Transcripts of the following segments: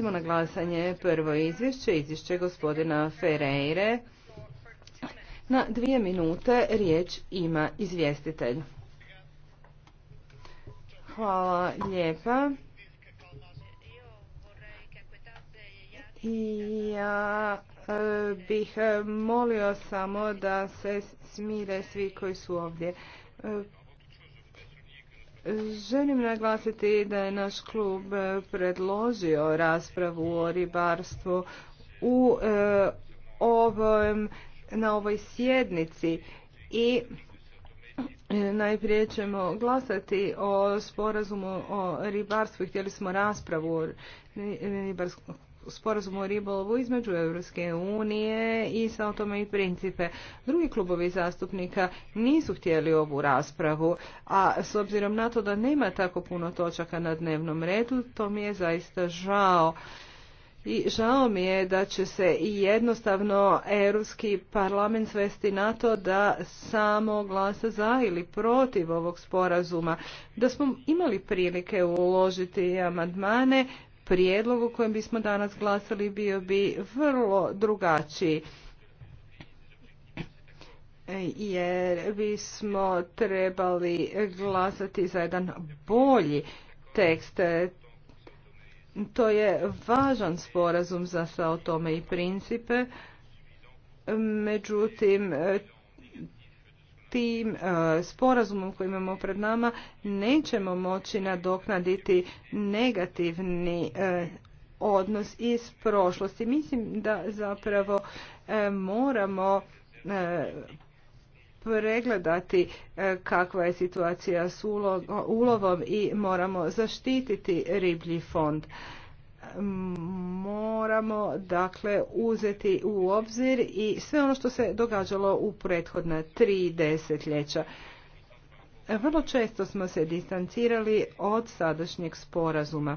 Idemo na glasanje prvo izvješće, izvješće gospodina Ferreire. Na dvije minute riječ ima izvjestitelj. Hvala lijepa. Ja e, bih molio samo da se smire svi koji su ovdje. E, Želim naglasiti da je naš klub e, predložio raspravu o ribarstvu u e, ovom, na ovoj sjednici i e, najprije ćemo glasati o sporazumu o ribarstvu i htjeli smo raspravu o ribarstvu sporazumu o ribolovu između Europske unije i sa o tome i principe. Drugi klubovi zastupnika nisu htjeli ovu raspravu, a s obzirom na to da nema tako puno točaka na dnevnom redu, to mi je zaista žao. I žao mi je da će se i jednostavno Europski parlament svesti na to da samo glasa za ili protiv ovog sporazuma. Da smo imali prilike uložiti amandmane, prijedlog o kojem bismo danas glasali bio bi vrlo drugačiji jer bismo trebali glasati za jedan bolji tekst. To je važan sporazum za sve o tome i principe, međutim tim e, sporazumom koji imamo pred nama nećemo moći nadoknaditi negativni e, odnos iz prošlosti. Mislim da zapravo e, moramo pregledati kakva je situacija s ulovom i moramo zaštititi riblji fond moramo dakle uzeti u obzir i sve ono što se događalo u prethodna tri desetljeća. Vrlo često smo se distancirali od sadašnjeg sporazuma.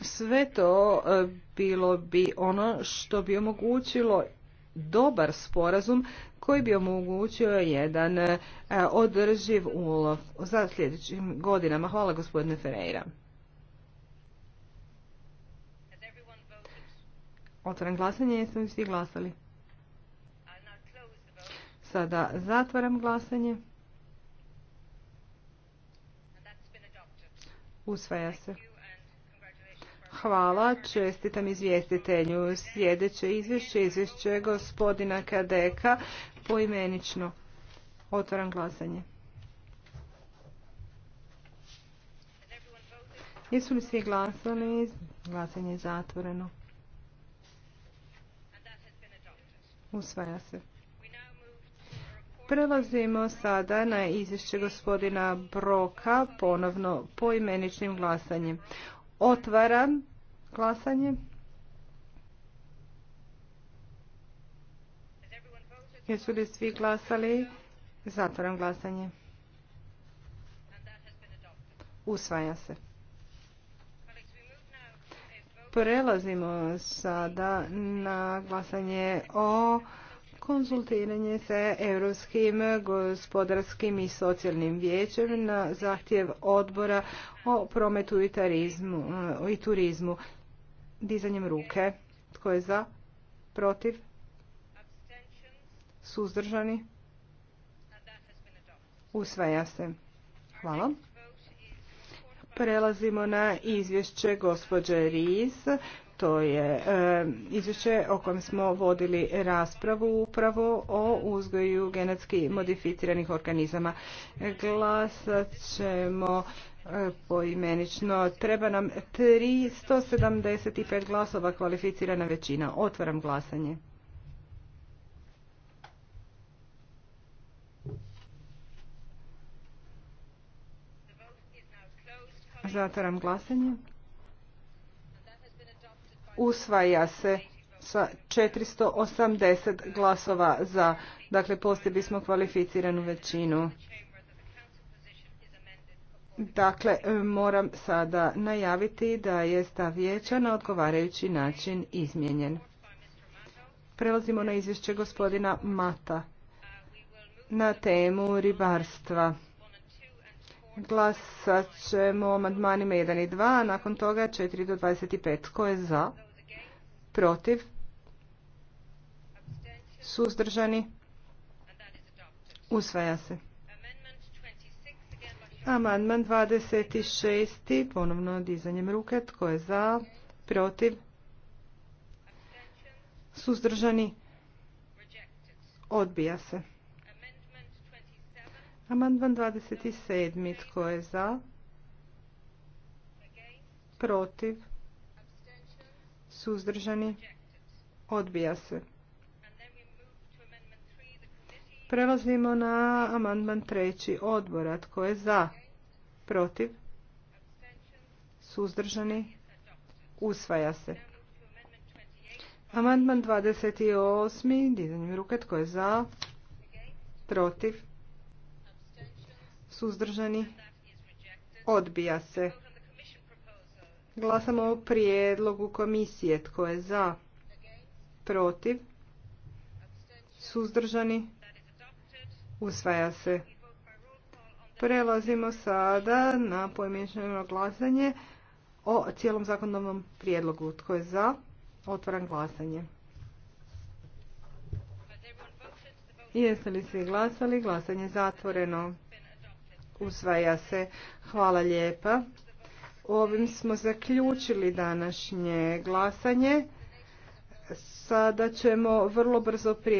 Sve to e, bilo bi ono što bi omogućilo dobar sporazum koji bi omogućio jedan e, održiv ulov za sljedećim godinama. Hvala gospodine Ferreira. Otvaram glasanje, jesu li svi glasali? Sada zatvaram glasanje. Usvaja se. Hvala, čestitam izvjestitelju. Sljedeće izvješće, izvješće gospodina Kadeka, poimenično. Otvaram glasanje. Jesu li svi glasali? Glasanje je zatvoreno. Usvaja se. Prelazimo sada na izvješće gospodina Broka, ponovno po imeničnim glasanjem. Otvaram glasanje. Jesu li svi glasali? Zatvaram glasanje. Usvaja se. Prelazimo sada na glasanje o konzultiranje se Europskim gospodarskim i socijalnim vijećem na zahtjev odbora o prometu i, i turizmu. Dizanjem ruke. Tko je za? Protiv? Suzdržani? Usvaja se. Hvala. Prelazimo na izvješće gospođe Riz. To je e, izvješće o kojem smo vodili raspravu upravo o uzgoju genetski modificiranih organizama. Glasat ćemo e, poimenično. Treba nam 375 glasova kvalificirana većina. Otvaram glasanje. Zatvaram glasanje. Usvaja se sa 480 glasova za. Dakle, poslije bismo kvalificiranu većinu. Dakle, moram sada najaviti da je stav vijeća na odgovarajući način izmijenjen. Prelazimo na izvješće gospodina Mata na temu ribarstva. Glasat ćemo o amandmanima 1 i 2, nakon toga 4 do 25. koje je za? Protiv? Suzdržani? Usvaja se. Amandman 26. Ponovno dizanjem ruke. Tko je za? Protiv? Suzdržani? Odbija se. Amandman 27. Tko je za? Protiv? Suzdržani? Odbija se. Prelazimo na amandman treći odbora. Tko je za? Protiv? Suzdržani? Usvaja se. Amandman 28. Dizanjem ruke. Tko je za? Protiv? suzdržani, odbija se. Glasamo o prijedlogu komisije. Tko je za? Protiv? Suzdržani? Usvaja se. Prelazimo sada na pojmenično glasanje o cijelom zakonodavnom prijedlogu. Tko je za? Otvaram glasanje. Jeste li svi glasali? Glasanje je zatvoreno usvaja se. Hvala lijepa. Ovim smo zaključili današnje glasanje. Sada ćemo vrlo brzo prije